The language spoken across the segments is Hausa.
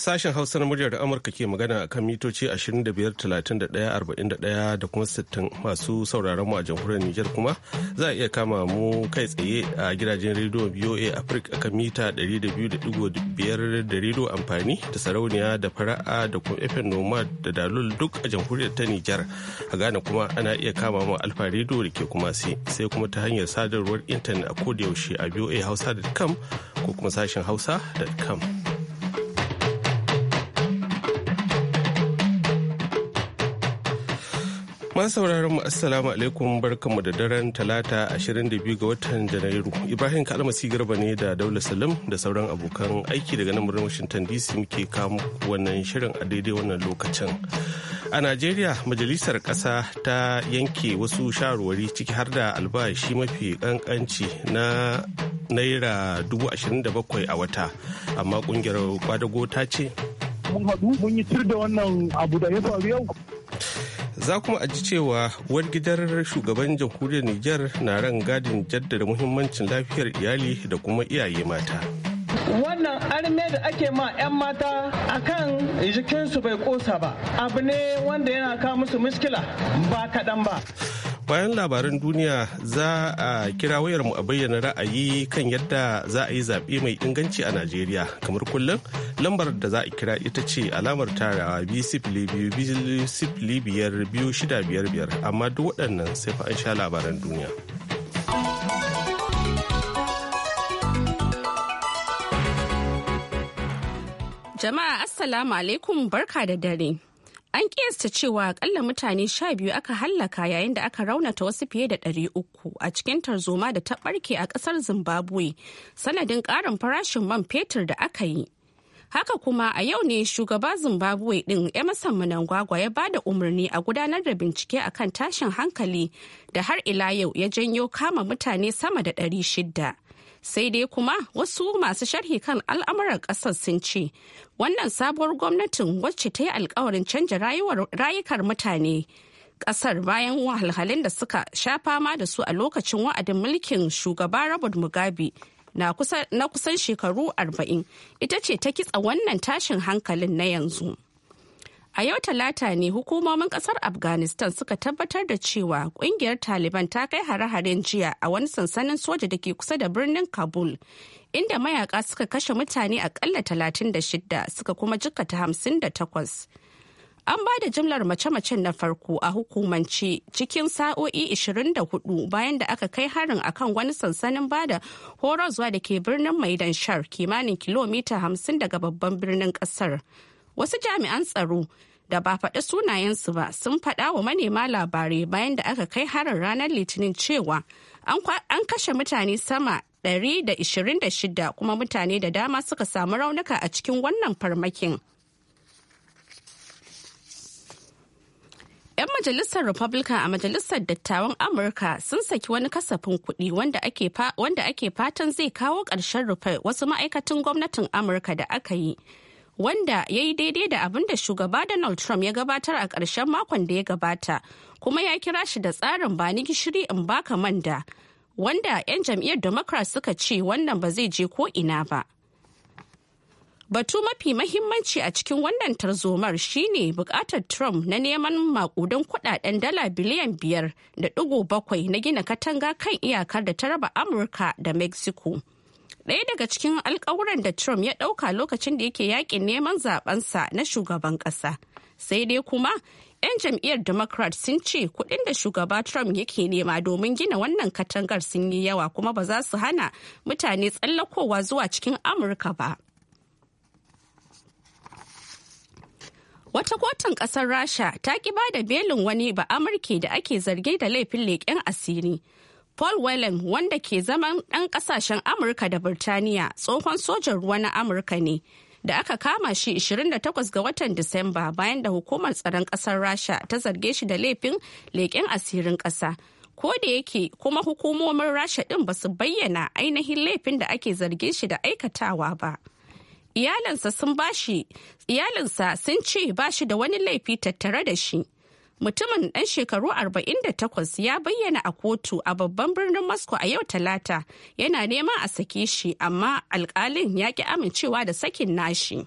Sashen Hausa na muryar Amurka ke magana a kan mitoci 25,31,41 da kuma 60 masu sauraron mu a jamhuriyar Nijar kuma za a iya kama mu kai tsaye a gidajen rediyo BOA Africa kan mita 200.5 da rediyo amfani da sarauniya da fara'a da kuma FM Nomad da Dalul duk a jamhuriyar ta Nijar. A Ghana kuma ana iya kama mu Alfa rediyo da ke kuma sai kuma ta hanyar sadarwar intanet a kodayaushe a BOA Hausa.com ko kuma sashen Hausa.com. Masu sauraron mu assalamu alaikum barkanmu da daren talata 22 ga watan Janairu. Ibrahim Kalmasi Garba ne da Daula Salim da sauran abokan aiki daga nan birnin Washington DC muke kawo wannan shirin a daidai wannan lokacin. A Najeriya majalisar ƙasa ta yanke wasu shawarwari ciki har da albashi mafi ƙanƙanci na naira 27 a wata amma ƙungiyar kwadago ta ce mun yi tur da wannan abu da ya faru yau za kuma a ji cewa uwar gidar shugaban jamhuriyar Nijar na ran gadin jaddada muhimmancin lafiyar iyali da kuma iyaye mata. Wannan arme da ake ma 'yan mata a kan jikinsu bai kosa ba, abu ne wanda yana kawo musu muskila ba kaɗan ba. bayan labaran duniya za a kira wayar mu a bayyana ra'ayi kan yadda za a yi zaɓe mai inganci a najeriya kamar kullum lambar da za a kira ita ce alamar tarawa biyar amma duk waɗannan sai fa an sha labaran duniya jama'a assalamu alaikum barka da dare An kiyasta cewa akalla mutane sha biyu aka hallaka yayin da aka raunata wasu fiye da ɗari uku a cikin tarzoma da ta ɓarke a ƙasar Zimbabwe sanadin ƙarin farashin man fetur da aka yi. Haka kuma a yau ne shugaba Zimbabwe ɗin Emerson Mnangagwa ya ba da umarni a gudanar da bincike akan tashin hankali da har ila yau ya janyo kama mutane sama da ɗari shida. sai dai kuma wasu masu sharhi kan al'amuran ƙasar sun ce wannan sabuwar gwamnatin wacce ta yi alkawarin canja rayukar mutane ƙasar bayan wahalhalun da suka sha fama da su a lokacin wa'adin mulkin shugaba robert mugabe na kusan shekaru 40 ita ce ta kitsa wannan tashin hankalin na yanzu. A yau talata ne hukumomin kasar Afghanistan suka tabbatar da cewa kungiyar Taliban ta kai hare-haren jiya a wani sansanin soja da ke kusa da birnin Kabul, inda mayaka suka kashe mutane akalla 36 suka kuma jikkata 58. An ba da jimlar mace-macen na farko a hukumance cikin sa'o'i 24 bayan da aka kai harin akan wani sansanin bada horozwa da ke birnin Maidan Shar kimanin kilomita 50 daga babban birnin kasar. wasu jami'an tsaro da ba faɗi sunayensu ba sun faɗa wa manema labarai bayan da aka kai harin ranar litinin cewa an kashe mutane sama 126 kuma mutane da dama suka samu raunuka a cikin wannan farmakin. 'yan majalisar republican a majalisar dattawan amurka sun saki wani kasafin kuɗi wanda ake fatan zai kawo ƙarshen rufe wasu ma'aikatan gwamnatin amurka da aka yi wanda ya yi daidai da abin da shugaba Donald Trump ya gabatar a ƙarshen makon da ya gabata, kuma ya kira shi da tsarin ba ni gishiri in baka manda, wanda 'yan jam'iyyar Democrat suka ce wannan ba zai je ko ina ba. Batu mafi mahimmanci a cikin wannan tarzomar shine bukatar Trump na neman makudan kudaden dala biliyan biyar da digo bakwai na gina katanga kan iyakar da ta raba Amurka da Mexico. Ɗaya daga cikin alkawuran da Trump ya ɗauka lokacin da yake yakin neman zabensa na shugaban ƙasa. Sai dai kuma, 'yan jam'iyyar Democrat sun ce kuɗin da shugaba Trump yake nema domin gina wannan katangar sun yi yawa kuma ba za su hana mutane tsallakowa zuwa cikin Amurka ba. Wata kotun ƙasar Rasha ta ƙi ba da belin wani ba Amurke da ake zarge da laifin leƙen asiri. Paul Whelan wanda ke zaman ɗan ƙasashen Amurka da Birtaniya tsohon sojan ruwa na Amurka ne. Da aka kama shi 28 ga watan Disamba bayan da hukumar tsaron ƙasar Rasha ta zarge shi da laifin leƙen asirin ƙasa. Ko da yake kuma hukumomin Rasha ɗin ba su bayyana ainihin laifin da ake zarge shi da aikatawa ba. Iyalinsa sun ce ba shi da wani laifi tattare da shi. mutumin ɗan shekaru 48 ya bayyana a kotu a babban birnin moscow a yau talata yana neman a sake shi amma alkalin ya ki amincewa da sakin nashi.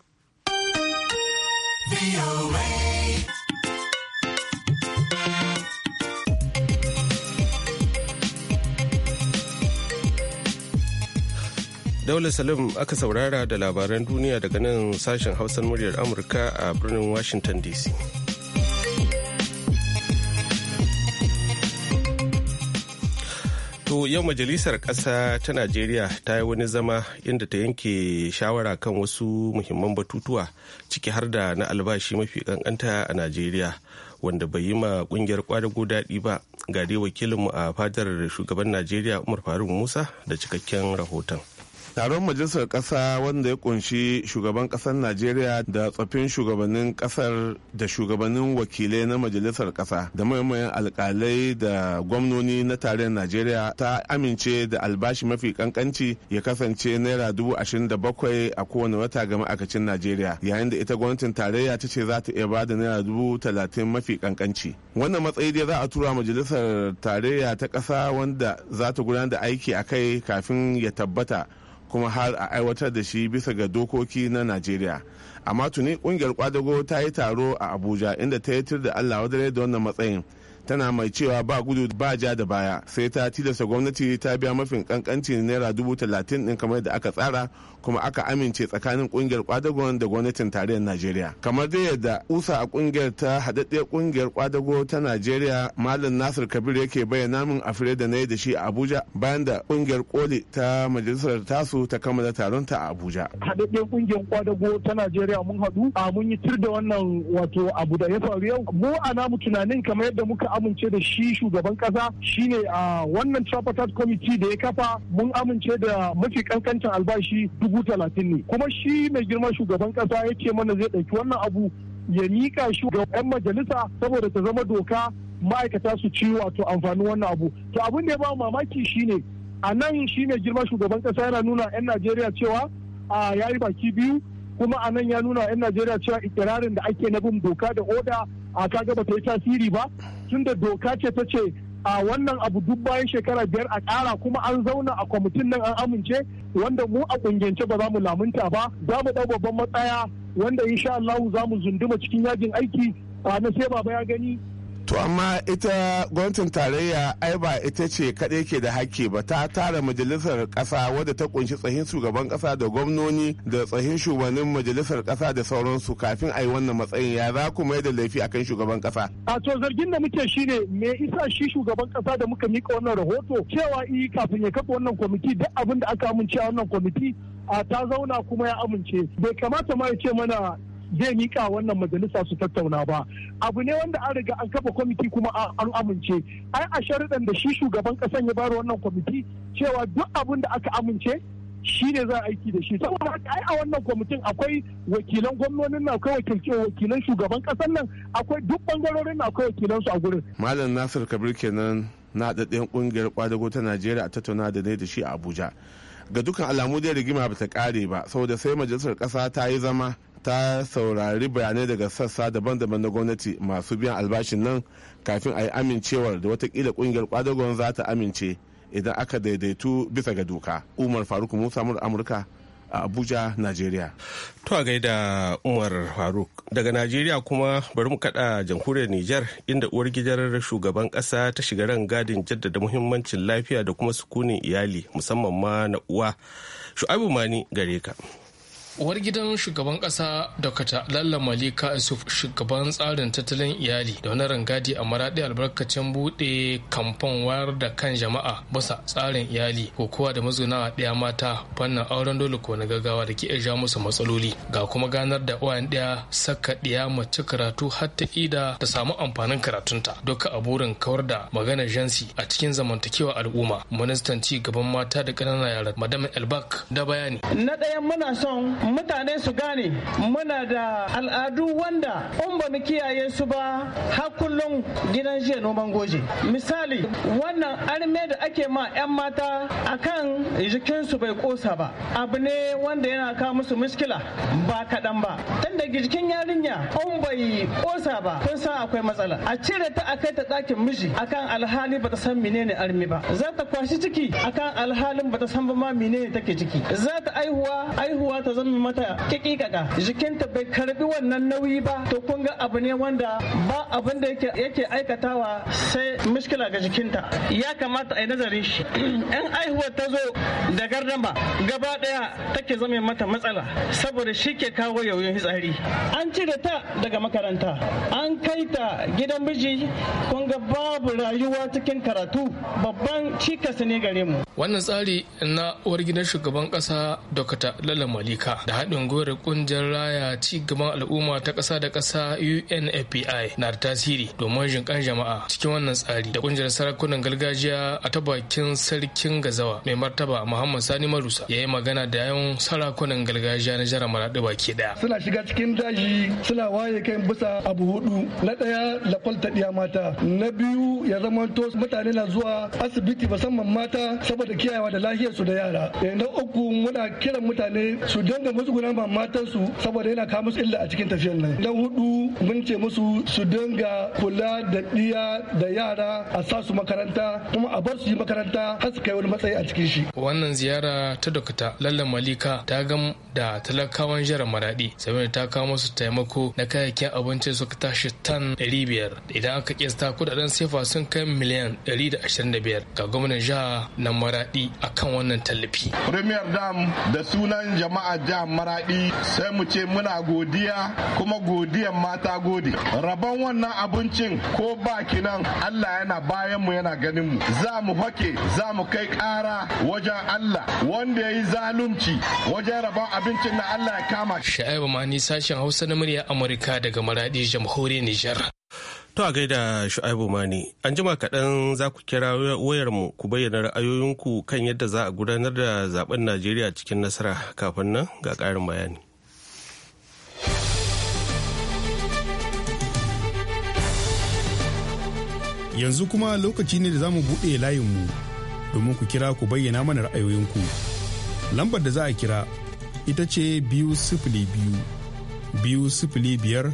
Daula Salim aka saurara da labaran duniya daga nan sashen hausan muryar Amurka a birnin Washington DC. To yau majalisar ƙasa ta Najeriya ta yi wani zama inda ta yanke shawara kan wasu muhimman batutuwa ciki har da na albashi mafi ƙanƙanta a Najeriya wanda bai yi ma ƙungiyar ƙwadago daɗi ba ga dai wakilinmu a fadar shugaban Najeriya Umar Faruk Musa da cikakken rahoton. taron majalisar ƙasa wanda ya kunshi shugaban ƙasar najeriya da tsoffin shugabannin ƙasar da shugabannin wakilai na majalisar ƙasa da maimayan alƙalai da gwamnoni na tarayyar najeriya ta amince da albashi mafi kankanci ya kasance naira dubu ashirin da bakwai a kowane wata ga ma'aikacin najeriya yayin da ita gwamnatin tarayya ta ce za ta iya bada naira dubu talatin mafi kankanci wannan matsayi dai za a tura majalisar tarayya ta ƙasa wanda za ta gudanar da aiki a kai kafin ya tabbata kuma har a aiwatar da shi bisa ga dokoki na najeriya amma tuni kungiyar kwadago ta yi taro a abuja inda ta yi tir da allah wadare da wannan matsayin tana mai cewa ba gudu ba ja da baya sai ta tilasta gwamnati ta biya mafin kankancin naira dubu talatin din kamar da aka tsara kuma aka amince tsakanin kungiyar kwadagon da gwamnatin tarayyar najeriya kamar dai yadda usa a kungiyar ta haɗaɗɗiyar kungiyar kwadago ta najeriya malam nasir kabir yake bayyana min a fure da na yi da shi a abuja bayan da kungiyar koli ta majalisar tasu ta kammala taron ta a abuja haɗaɗɗiyar kungiyar kwadago ta najeriya mun haɗu a mun yi tir da wannan wato abu da ya faru yau mu a namu tunanin kamar yadda muka amince da shi shugaban kasa shine a wannan tripartite committee da ya kafa mun amince da mafi kankancin albashi dubu talatin ne kuma shi mai girma shugaban kasa ya ce mana zai ɗauki wannan abu ya mika shi ga 'yan majalisa saboda ta zama doka ma'aikata su ci wato amfanin wannan abu to abin da ya ba mamaki shine a nan shi mai girma shugaban kasa yana nuna 'yan najeriya cewa a yayi baki biyu kuma a nan ya nuna 'yan najeriya cewa ikirarin da ake na bin doka da oda a kaga ba ta yi tasiri ba tunda doka ce ta ce a wannan abu duk bayan shekara biyar a ƙara kuma an zauna a kwamitin nan an amince wanda mu a ƙungiyance ba za mu lamunta ba za mu ɗau babban matsaya wanda insha Allah za mu zunduma cikin yajin aiki a na sai baba ya gani To amma ita gwamnatin tarayya ai ba ita ce kaɗai ke da hakki ba ta tara majalisar ƙasa wadda ta kunshi tsahin shugaban ƙasa da gwamnoni da tsahin shugabannin majalisar ƙasa da sauransu kafin a yi wannan matsayin ya za ku mai da laifi akan shugaban ƙasa. A to zargin da muke shi ne me isa shi shugaban ƙasa da muka mika wannan rahoto cewa i kafin ya kafa wannan kwamiti duk abin da aka amince a wannan kwamiti a ta zauna kuma ya amince bai kamata ma ya ce mana zai mika wannan majalisa su tattauna ba abu ne wanda an riga an kafa kwamiti kuma an amince ai a sharuɗan da shi shugaban kasan ya bari wannan kwamiti cewa duk abin da aka amince shi ne za a aiki da shi saboda haka ai a wannan kwamitin akwai wakilan gwamnonin na akwai wakilan shugaban kasan nan akwai duk bangarorin na akwai wakilan su a gurin malam nasir kabir kenan na daɗin ƙungiyar kwadago ta najeriya a tattauna da ne da shi a abuja ga dukkan alamu dai rigima ba ta kare ba saboda sai majalisar kasa ta yi zama ta saurari bayanai daga sassa daban-daban na gwamnati masu biyan albashin nan kafin a yi amincewar da watakila kungiyar kwadagon za ta amince idan aka daidaitu bisa ga doka umar faruk musa mur amurka a abuja nigeria to a gaida umar faruk daga nigeria kuma bari mu kada jamhuriyar niger inda uwar gidan shugaban kasa ta shiga ran gadin jaddada muhimmancin lafiya da kuma sukunin iyali musamman ma na uwa shu'abu mani gare ka uwar gidan shugaban kasa dr lalla malika isuf shugaban tsarin tattalin iyali da wani rangadi a maraɗi albarkacin buɗe kamfan wayar da kan jama'a basa tsarin iyali ko kowa da mazuna ɗaya mata fannin auren dole ko na gaggawa da ke iya musu matsaloli ga kuma ganar da uwayen ɗaya saka ɗaya mace karatu har ta ida ta samu amfanin karatunta duka a burin kawar da maganar jansi a cikin zamantakewa al'umma ministan ci gaban mata da ƙananan yara madam elbak da bayani na ɗaya muna son mutane su gane muna da al'adu wanda in ba mu kiyaye su ba har kullum gidan jiya noman goje misali wannan arme da ake ma 'yan mata akan jikinsu bai kosa ba abu ne wanda yana kawo musu muskila ba kaɗan ba tun da jikin yarinya in bai kosa ba kun san akwai matsala a cire ta a kai ta ɗakin miji akan alhali ba ta san menene arme ba za ta kwashi ciki akan alhalin ba ta san ba ma menene take ciki za ta aihuwa aihuwa ta zama yi mata kikikaka jikinta bai karbi wannan nauyi ba to kun ga abu ne wanda ba abin da yake aikatawa sai mushkila ga jikinta ya kamata a yi nazarin shi yan aihuwar ta zo da gardama gaba daya take zama mata matsala saboda shi ke kawo yauyin fitsari an cire ta daga makaranta an kai ta gidan miji kun ga babu rayuwa cikin karatu babban cikas ne gare mu wannan tsari na uwar gidan shugaban kasa dokta lalla malika da haɗin gwiwar ƙungiyar raya ci gaban al'umma ta ƙasa da ƙasa UNFPI na da tasiri domin jinƙan jama'a cikin wannan tsari da ƙungiyar sarakunan gargajiya a ta bakin sarkin gazawa mai martaba Muhammad Sani Marusa ya yi magana da yawan sarakunan gargajiya na jihar Maraɗi baki ɗaya. Suna shiga cikin daji suna waye kan bisa abu hudu na ɗaya lakwal ta mata na biyu ya zama to mutane na zuwa asibiti musamman mata saboda kiyayewa da lafiyarsu da yara. Eh, na uku muna kiran mutane su dinga musguna ba matansu saboda yana kawo musu illa a cikin tafiyar nan dan hudu mun ce musu su dinga kula da ɗiya da yara a sa su makaranta kuma a bar su yi makaranta har su kai wani matsayi a cikin shi wannan ziyara ta dokta lalla malika ta gam da talakawan jihar maradi saboda ta kawo musu taimako na kayayyakin abinci ka tashi tan 500 idan aka kiyasta kudaden sefa sun kai miliyan 125 ga gwamnan jiha na maradi akan wannan tallafi premier dam da sunan jama'a ja. maraɗi sai mu ce muna godiya kuma godiyan mata gode rabon wannan abincin ko baki nan allah yana bayan mu yana ganin mu za mu fake za mu kai ƙara wajen allah wanda ya yi zalunci wajen rabon abincin na allah ya kama sha'ibu sashen hausa na murya amurka daga Maraɗi jamhuriyar nijar To a gaida Shu'aibu Mani, an jima kaɗan za ku kira wayarmu ku bayyana ra'ayoyinku kan yadda za a gudanar da zaben Najeriya cikin nasara kafin nan ga ƙarin bayani. Yanzu kuma lokaci ne da za mu buɗe layinmu domin ku kira ku bayyana mana ra'ayoyinku. Lambar da za a kira ita ce biyu sifili biyu, biyu sifili biyar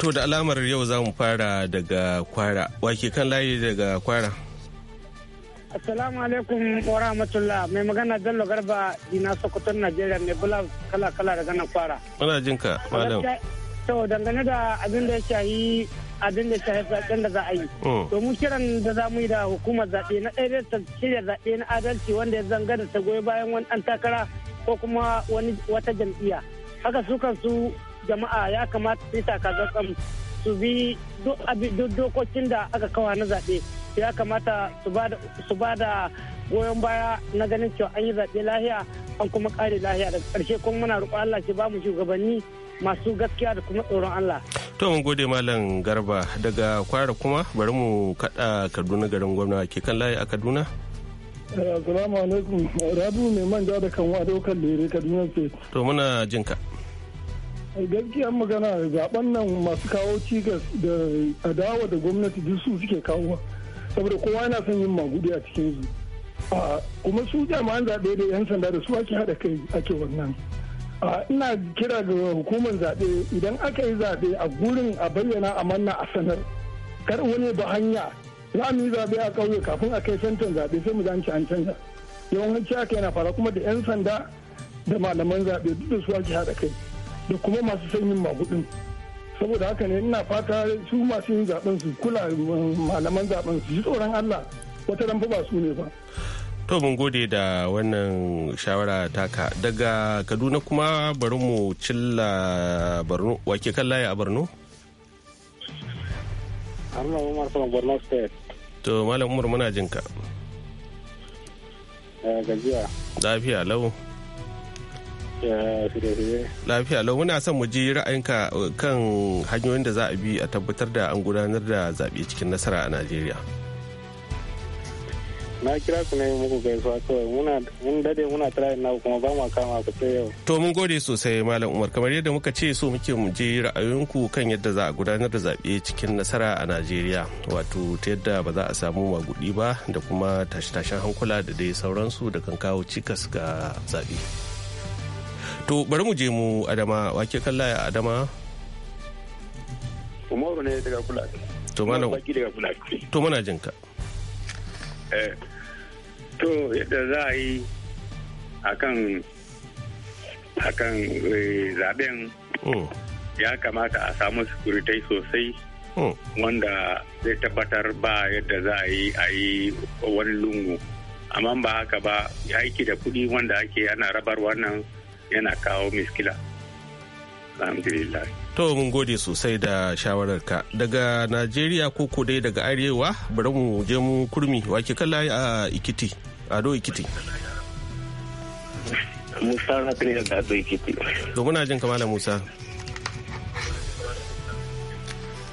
To da alamar yau za mu fara daga kwara. Wake kan layi daga kwara. Assalamu alaikum wa rahmatullah mai magana Bello Garba dina Sokoton Najeriya mai bula kala kala daga nan kwara. Muna jin ka malam. To dangane da abin da ya shahi abin da ya shahi zaɓen da za a yi. Domin mm. kiran da za mu yi da hukumar zaɓe na ɗaya da shirya zaɓe na adalci wanda ya zanga da ta goyi bayan wani ɗan takara ko kuma wani wata jam'iyya. Haka su kansu jama'a ya kamata su yi takatsantsan su bi duk dokokin da aka kawa na zaɓe ya kamata su ba da goyon baya na ganin cewa an yi zaɓe lahiya an kuma ƙare lahiya daga ƙarshe kuma muna roƙo Allah shi ba mu shugabanni masu gaskiya da kuma tsoron Allah. To mun gode Malam Garba daga kwara kuma bari mu kaɗa Kaduna garin gwamna ke kan layi a Kaduna. Eh, assalamu alaikum Rabu mai manja da kanwa daukar lere Kaduna ce. To muna jinka. ka. gaskiyar magana zaben nan masu kawo cikas da adawa da gwamnati duk su suke kawo saboda kowa yana son yin magudi a cikin su kuma su jama'an zaɓe da 'yan sanda da su ake haɗa kai ake wannan ina kira ga hukumar zaɓe idan aka yi zaɓe a gurin a bayyana a manna a sanar kar wani ba hanya za mu yi zaɓe a ƙauye kafin a kai santan zaɓe sai mu zanci an canza yawanci aka yana fara kuma da 'yan sanda da malaman zaɓe duk da su ake haɗa kai da kuma masu sanyin magudin saboda haka ne ina fata su masu yin zaben su kula malaman zaben su ji tsoron Allah wata ranfa ba su ne ba to mun gode da wannan shawara taka daga Kaduna kuma bari mu cilla Borno wake kan laye a Borno Allah Umar from Borno state to malam Umar muna jinka eh, gajiya lafiya lau Lafiya lau muna son mu ji ra'ayinka uh, kan hanyoyin da za a bi a tabbatar da an gudanar da zaɓe cikin nasara a Najeriya. Na kira ku ne muku gaisuwa kawai muna mun dade muna tara na kuma ba mu kama ku sai yau. To mun gode sosai Malam Umar kamar yadda muka ce so muke mu je ra'ayoyinku kan yadda za a gudanar da zaɓe cikin nasara a Najeriya wato ta yadda ba za a samu magudi ba da kuma tashe-tashen hankula da dai sauransu da kan kawo cikas ga zaɓe. to bari mu je mu adama wake kalla ya adama umaru ne daga fulani to mana daga to mana jin ka eh, to yadda za a yi akan akan eh, zaben hmm. ya kamata a samu sukuritai sosai hmm. wanda zai tabbatar ba yadda za a yi a yi wani lungu amma ba haka ba aiki da kuɗi wanda ake ana rabar wannan yana kawo miskila alhamdulillah to mun gode sosai da shawararka daga najeriya ko ko dai daga arewa bari mu je mu kurmi wake kalla a ikiti ado ikiti musa na kare daga ado ikiti to muna jin kamala musa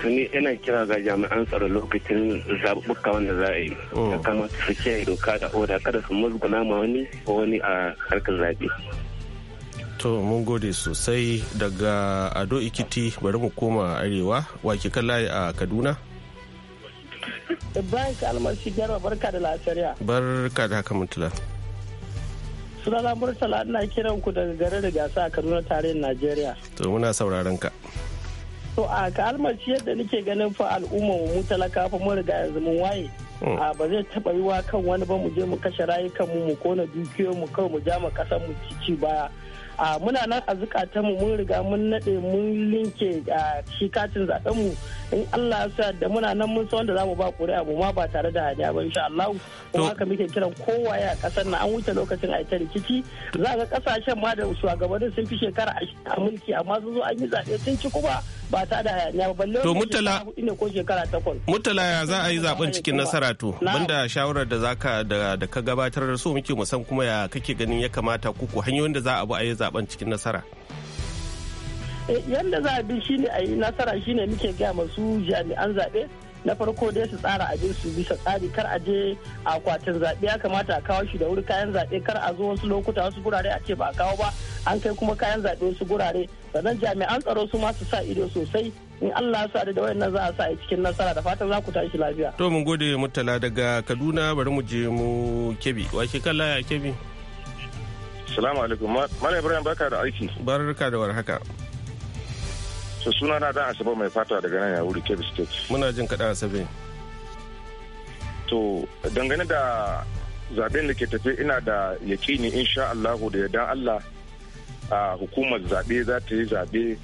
tuni yana kira ga jami'an tsaro lokacin zaɓuɓɓuka wanda za a yi oh. ya kamata su kiyaye doka da oda kada su musguna ma wani ko wani a harkar zaɓe to mun gode sosai daga ado ikiti bari mu koma arewa wake layi a kaduna ibrahim kalmasi garba barka da lasariya barka da haka mutula sunana murtala ina kiran ku daga gare da gasa a kaduna tarihin najeriya to muna sauraron ka to a kalmaci yadda nake ganin fa al'umma mu talaka fa mu riga yanzu mun waye hmm. a ba zai taba yiwa kan wani ba mu je mu kashe rayukan mu mu kona dukiyoyin mu kawai mu ja mu kasan mu ci baya muna nan a mu mun riga mun nade mun linke shi katin mu in Allah ya sa da muna nan mun san wanda za mu ba ƙuri'a mu ma ba tare da hadiya ba insha Allah kuma haka muke kiran kowaye a ƙasar nan an wuce lokacin a ta rikici za ga kasashen ma da shugabannin sun fi shekara a mulki amma sun zo an yi zaɓe sun ci kuma ba ta da hayaniya ba balle to mutala ya za a yi zaben cikin nasara to banda shawarar da zaka da da ka gabatar da so muke mu san kuma ya kake ganin ya kamata kuku hanyoyin da za a bi a yi zaben cikin nasara eh, yanda za a bi shine a yi nasara shine muke gaya masu jami'an zaɓe na farko dai su tsara abin su bisa tsari kar a je akwatin zaɓe ya kamata a kawo shi da wuri kayan zaɓe kar a zo wasu lokuta wasu gurare a ce ba a kawo ba an kai kuma kayan zaɓe wasu gurare sannan jami'an tsaro su masu sa ido sosai in Allah ya sa da wayannan za a sa a cikin nasara da fatan za ku tashi lafiya. To mun gode Murtala daga Kaduna bari mu je mu kebi wa ke kalla ya kebi. salamu alaikum Malam Ibrahim barka da aiki. Barka da warhaka. haka. so suna na dan asabe mai fata daga nan wuri kebbi state muna jin kaɗan asabe to dangane da zaben da ke tafe ina da yakini insha allahu da yardan allah a hukumar zaɓe za ta yi zaɓe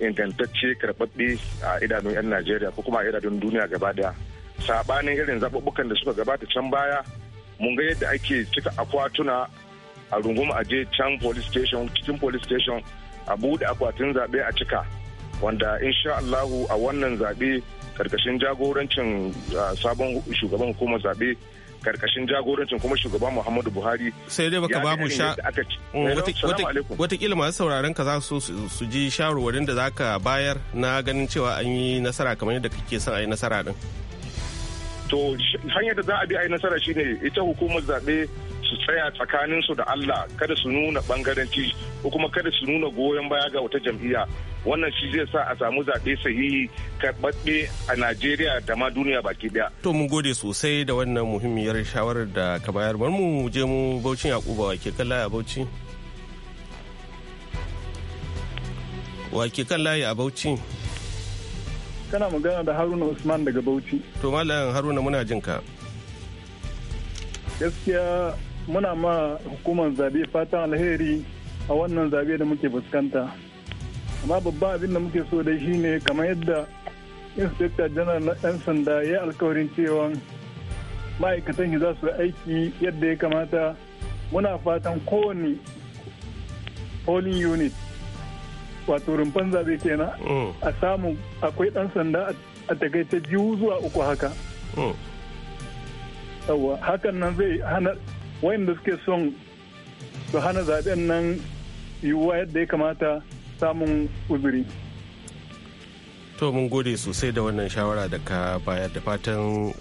ingantacce karɓaɓɓe a idanun 'yan najeriya ko kuma a idanun duniya gaba daya saɓanin irin zaɓuɓɓukan da suka gabata can baya mun ga yadda ake cika akwatuna a rungum a je can police station cikin police station a buɗe akwatin zaɓe a cika wanda insha Allahu a wannan zaɓe karkashin jagorancin ah, sabon shugaban hukumar zaɓe karkashin jagorancin kuma shugaban Muhammadu Buhari. Sai dai baka ba mu sha mm, watakila masu sauraron ka za su su ji shawarwarin da zaka bayar na ganin cewa an yi nasara kamar yadda kake son a yi nasara din. To hanyar da za a bi a yi nasara shine ita hukumar zaɓe su tsaya tsakanin su da Allah kada su nuna bangaranci ko kuma kada su nuna goyon baya ga wata jam'iyya wannan shi zai sa a samu zaɓe sahihi karɓaɓɓe a Najeriya da ma duniya baki daya. To mun gode sosai da wannan muhimmiyar shawarar da ka bayar bar mu je mu Bauchi Yakuba ke kalla a Bauchi. Wake kan layi a Bauchi. Kana magana da Haruna Usman daga Bauchi. To Malam Haruna muna jin ka. Gaskiya muna ma hukumar zabe fatan alheri a wannan zabe da muke fuskanta amma babban abin da muke so da shi ne kamar yadda inspector general na 'yan sanda ya yi alkawarin cewa ma'aikatan za su aiki yadda ya kamata muna fatan kowane polling unit wato rumfan zabe kenan mm. a samu akwai dan sanda a takaita biyu zuwa uku haka mm. hakan nan zai hana wayanda suke son su hana zaben nan yiwuwa yadda ya kamata samun uzuri to mun gode sosai da wannan shawara da ka bayar da fatan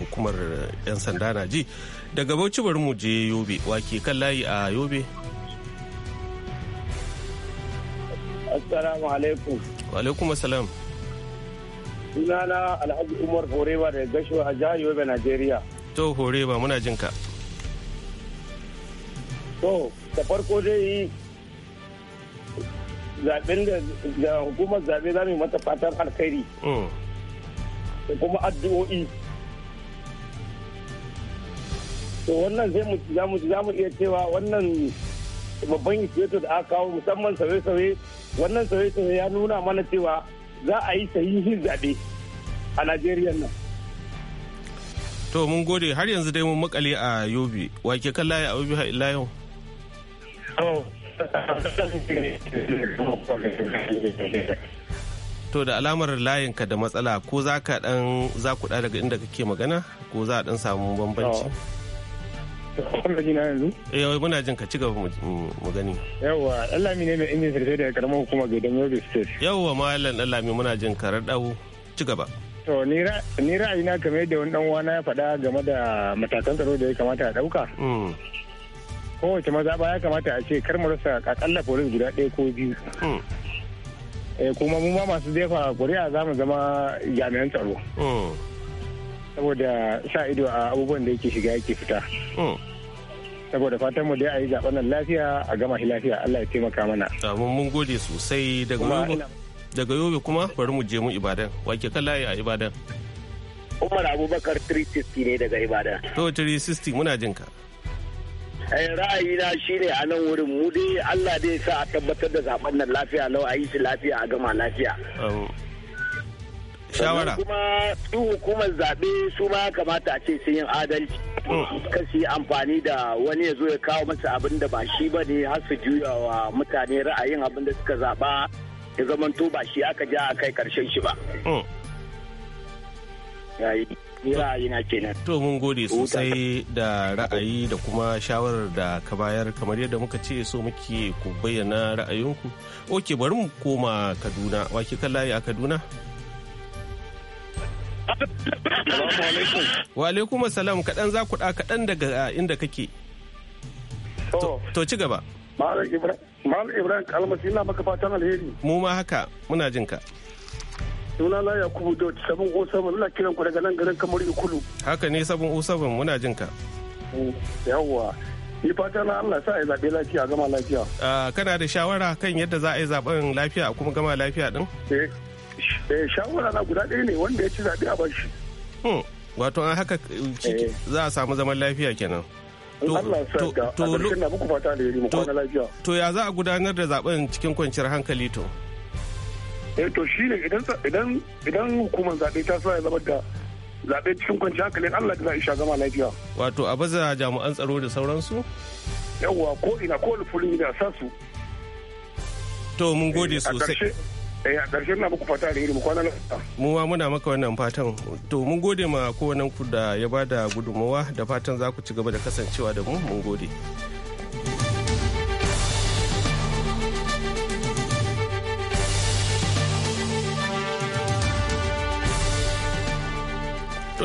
hukumar 'yan sanda na ji daga bauchi bari mu je yobe wake kan layi a yobe assalamu alaikum wa alaikum assalam sunana alhaji umar horeba da gasho a jihar yobe najeriya to horeba muna jinka ka To, da farko dai zaɓen da hukumar zaɓe za mu yi mata fatan alkhairi. Mm. Da kuma addu'o'i. To wannan zai mu za mu za mu iya cewa wannan babban isbeto da aka kawo musamman sauye-sauye wannan sauye-sauye ya nuna mana cewa za a yi sahihin zaɓe a Najeriya nan. To mun gode har yanzu dai mun makale a Yobe. Wake kan layi a Yobe ila yau. To da alamar layinka da matsala ko za ka dan za ku da daga inda kake magana ko za a dan samu bambanci. yanzu. Eh, muna jin ka ci gaba mu gani. Yawwa Allami ne mai injin sarfe daga karamar hukumar Gaidan Yobe State. Yawwa Malam Allami muna jin ka raɗau ci gaba. To ni ra'ayina kamar yadda wani dan uwana ya faɗa game da matakan tsaro da ya kamata a ɗauka. Mm. kowace maza ba ya kamata a ce kar mu rasa akalla polis guda ɗaya ko biyu hmm. eh, kuma mu ma masu jefa ƙuri'a za mu zama jami'an tsaro hmm. saboda sa ido a abubuwan da yake shiga yake fita hmm. saboda fatan mu dai a yi zaɓen nan lafiya a gama shi lafiya Allah ya taimaka mana amin mun gode sosai daga yobe daga kuma bari mu je mu ibadan wake layi a ibadan umar abubakar 360 ne daga ibadan to 360 muna jinka ka ra'ayi eh, ra'ayina shine a nan wurin mu dai Allah dai sa a tabbatar da zaben nan lafiya lau a yi shi lafiya a gama lafiya. Shawara. kuma su hukumar zaɓe su ma kamata a ce sun yi adalci. Mm. Kasi amfani da wani ya zo ya kawo masa abin da ba shi ba ne har su juya wa mutane ra'ayin abin da suka zaɓa ya zamanto ba shi aka ja a kai karshen shi ba. Mm. To mun gode sosai da ra'ayi da kuma shawarar da ka bayar kamar yadda muka ce so muke ku bayyana ra'ayinku. Oke bari mu koma Kaduna. Wake kan layi a Kaduna? Wa alaikum salam kaɗan za ku ɗa kaɗan daga inda kake. To ci gaba. Malam Ibrahim Kalmasi na maka fatan alheri. Mu ma haka muna jinka. suna na yakubu dot sabon o oh seven ina kiran ku daga nan garin kamar ikulu haka ne sabon o oh seven muna jin ka eh, yawwa ni fata na allah sa a zaɓe lafiya gama lafiya ah, kana da shawara kan yadda za a yi zaɓen lafiya a kuma gama lafiya din eh, eh, shawara na guda ɗaya ne wanda ya ci zaɓe a bashi hmm. wato an haka za a samu zaman lafiya kenan to ya za a gudanar da zaben cikin kwanciyar hankali to eh to shi ne idan idan hukumar zaɓe ta sa ya zama da zaɓe cikin kwanci hankalin Allah da za a isha gama lafiya. Wato a baza jami'an tsaro da sauransu? Yawwa ko ina ko fulun da sa su. To mun gode eh, sosai. Eh, a ƙarshe na muku fata da ilimi kwana Mu ma muna maka wannan fatan. To mun gode ma kowannen ku da ya bada gudummawa da fatan za ku ci gaba da kasancewa da mu mun gode.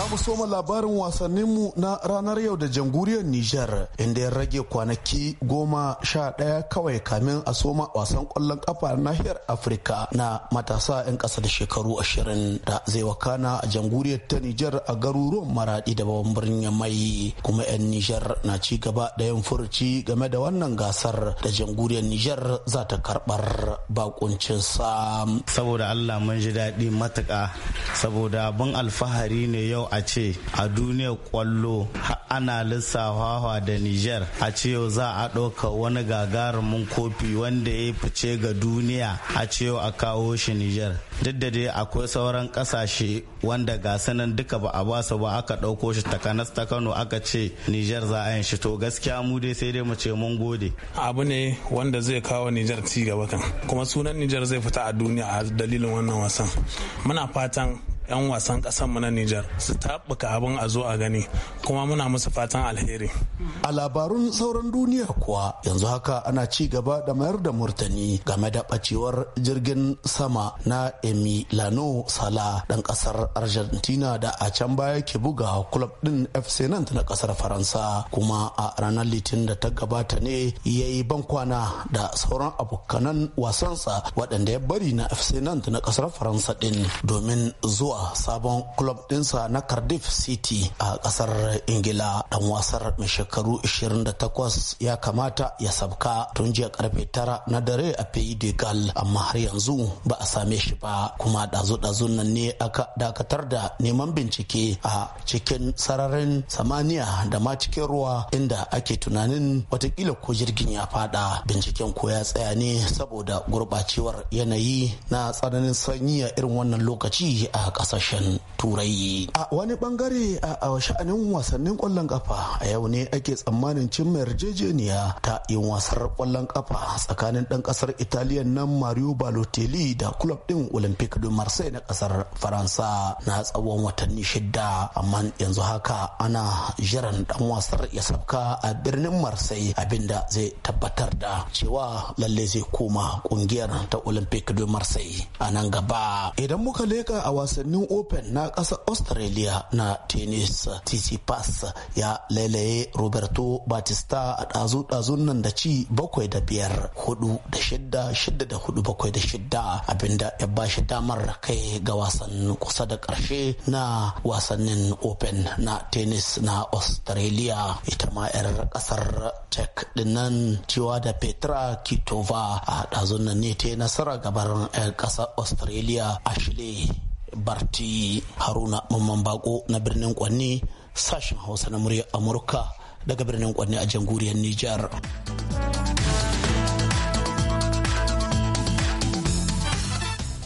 Za mu soma labarin wasanninmu na ranar yau da jamhuriyar Nijar inda ya rage kwanaki goma sha ɗaya kawai kamin a soma wasan ƙwallon ƙafa nahiyar Afirka na matasa 'yan ƙasa da shekaru ashirin da zai wakana a jamhuriyar ta Nijar a garuruwan maraɗi da babban birnin mai kuma 'yan Nijar na ci gaba da yin furuci game da wannan gasar da janguriyar Nijar za ta karɓar sa. Saboda Allah mun ji daɗi matuka saboda abin alfahari ne yau a ce a duniya kwallo ana lissafawa da niger a ce yau za a ɗauka wani gagarumin kofi wanda ya fice ga duniya a ce yau a kawo shi niger duk da dai akwai sauran kasashe wanda gasanin duka ba a basu ba aka ɗauko shi takanas ta kano aka ce niger za a yin shi to gaskiya mu dai sai dai mu ce mun gode abu ne wanda zai kawo niger ci gaba kan kuma sunan niger zai fita a duniya a dalilin wannan wasan muna fatan 'yan wasan mu na Nijar su taɓuka abin a zo a gani kuma muna musu fatan alheri. A labarun sauran duniya kuwa yanzu haka ana ci gaba da mayar da murtani game da ɓacewar jirgin sama na Emiliano Sala ɗan ƙasar Argentina da a can baya ke buga club ɗin FC Nantes na ƙasar Faransa kuma a ranar Litinin da ta gabata ne ya yi bankwana da sauran abokanan wasansa waɗanda ya bari na FC Nantes na ƙasar Faransa ɗin domin zuwa sabon club dinsa na Cardiff City a kasar Ingila dan wasar mai shekaru 28 ya kamata ya sabka tun jiya karfe 9 na dare a Pays de amma har yanzu ba a same shi ba kuma dazu-dazun nan ne aka dakatar da neman bincike a cikin sararin samaniya da ma cikin ruwa inda ake tunanin watakila ko jirgin ya fada binciken ko ya tsaya ne saboda gurbacewar yanayi na tsananin sanyi a irin wannan lokaci a kasashen turai a wani bangare a sha'anin wasannin kwallon kafa a yau ne ake tsammanin cin yarjejeniya ta yin wasar kwallon kafa tsakanin dan kasar italiya nan mario balotelli da club din olympic de marseille na kasar faransa na tsawon watanni shida amma yanzu haka ana jiran dan wasar ya sabka a birnin marseille abinda zai tabbatar da cewa lalle zai koma kungiyar ta olympic de marseille a nan gaba idan muka leka a wasannin birnin open na ƙasar australia na tennis tsitsipas ya lailaye roberto batista a ɗazu-ɗazun nan da ci bakwai da biyar hudu da shidda shidda da hudu bakwai da shidda abinda ya ba shi damar kai ga wasan kusa da ƙarshe na wasannin open na tennis na australia ita ma 'yar ƙasar Tek dinnan cewa da petra kitova a ɗazun nan ne ta nasara gabar 'yan ƙasar australia ashley barti haruna mamman bako na birnin kwanni sashen hausa na muryar amurka daga birnin kwanni a jamhuriyar nijar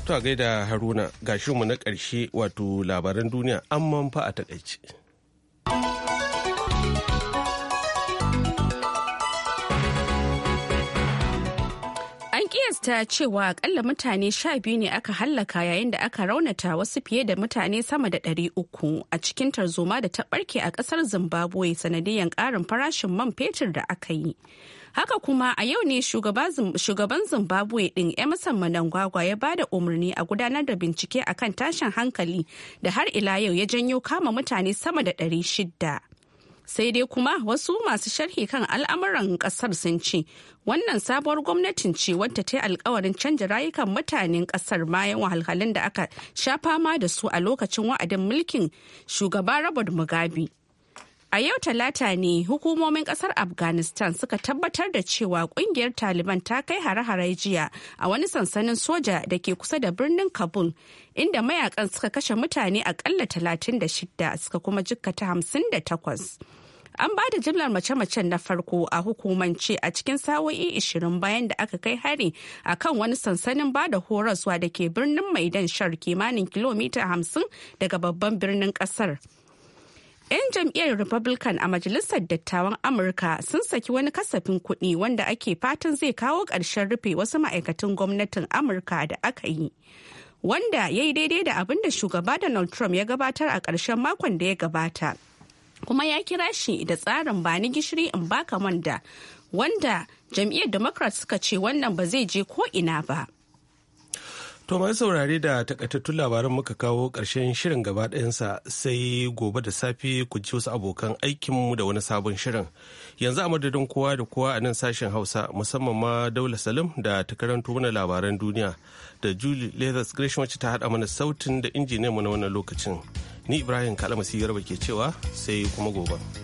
To gaida Haruna gashinmu mu na ƙarshe wato labaran duniya an manfa a takaice. ta cewa akalla mutane sha biyu ne aka hallaka yayin da aka raunata wasu fiye da mutane sama da ɗari uku a cikin tarzoma da ta ɓarke a ƙasar zimbabwe sanadiyan ƙarin farashin man fetur da aka yi haka kuma a yau ne shugaban zimbabwe ɗin emerson manangwagwa ya ba da umarni a gudanar da bincike akan tashin hankali da har ila yau ya janyo kama mutane sama da ɗari shida. sai dai kuma wasu masu sharhi kan al'amuran kasar sun ce wannan sabuwar gwamnatin ce wadda ta yi alkawarin canja rayukan mutanen kasar bayan wahalhalun da aka sha fama da su a lokacin wa'adin mulkin shugaba robert mugabe A yau talata ne hukumomin kasar Afghanistan suka tabbatar da cewa kungiyar Taliban ta kai hare-hare jiya a wani sansanin soja da ke kusa da birnin Kabul inda mayakan suka kashe mutane akalla 36 suka kuma jikkata 58. An ba da jimlar mace-macen na farko a hukumance a cikin sa'o'i 20 bayan da aka kai hari a kan wani sansanin ba da horaswa da ke birnin Maidan Shar kimanin kilomita hamsin daga babban birnin kasar. 'Yan jam'iyyar Republican a Majalisar Dattawan Amurka sun saki wani kasafin kuɗi wanda ake fatan zai kawo ƙarshen rufe wasu ma'aikatan gwamnatin Amurka da aka yi. Wanda ya yi daidai da abin da shugaba Donald Trump ya gabatar a ƙarshen makon da ya gabata. Kuma ya kira shi da tsarin ba ni gishiri in baka manda, wanda jam'iyyar Democrat suka ce wannan ba zai je ko ina ba. To masu saurare da takaitattun labaran muka kawo ƙarshen shirin gaba ɗayansa sai gobe da safe ku ji wasu abokan aikinmu da wani sabon shirin. Yanzu a madadin kowa da kowa a nan sashen Hausa musamman ma Daula Salim da ta karanto mana labaran duniya da Julie Leathers Gresham wacce ta haɗa mana sautin da mu na wannan lokacin. Ni Ibrahim Kalamasi Garba ke cewa sai kuma gobe.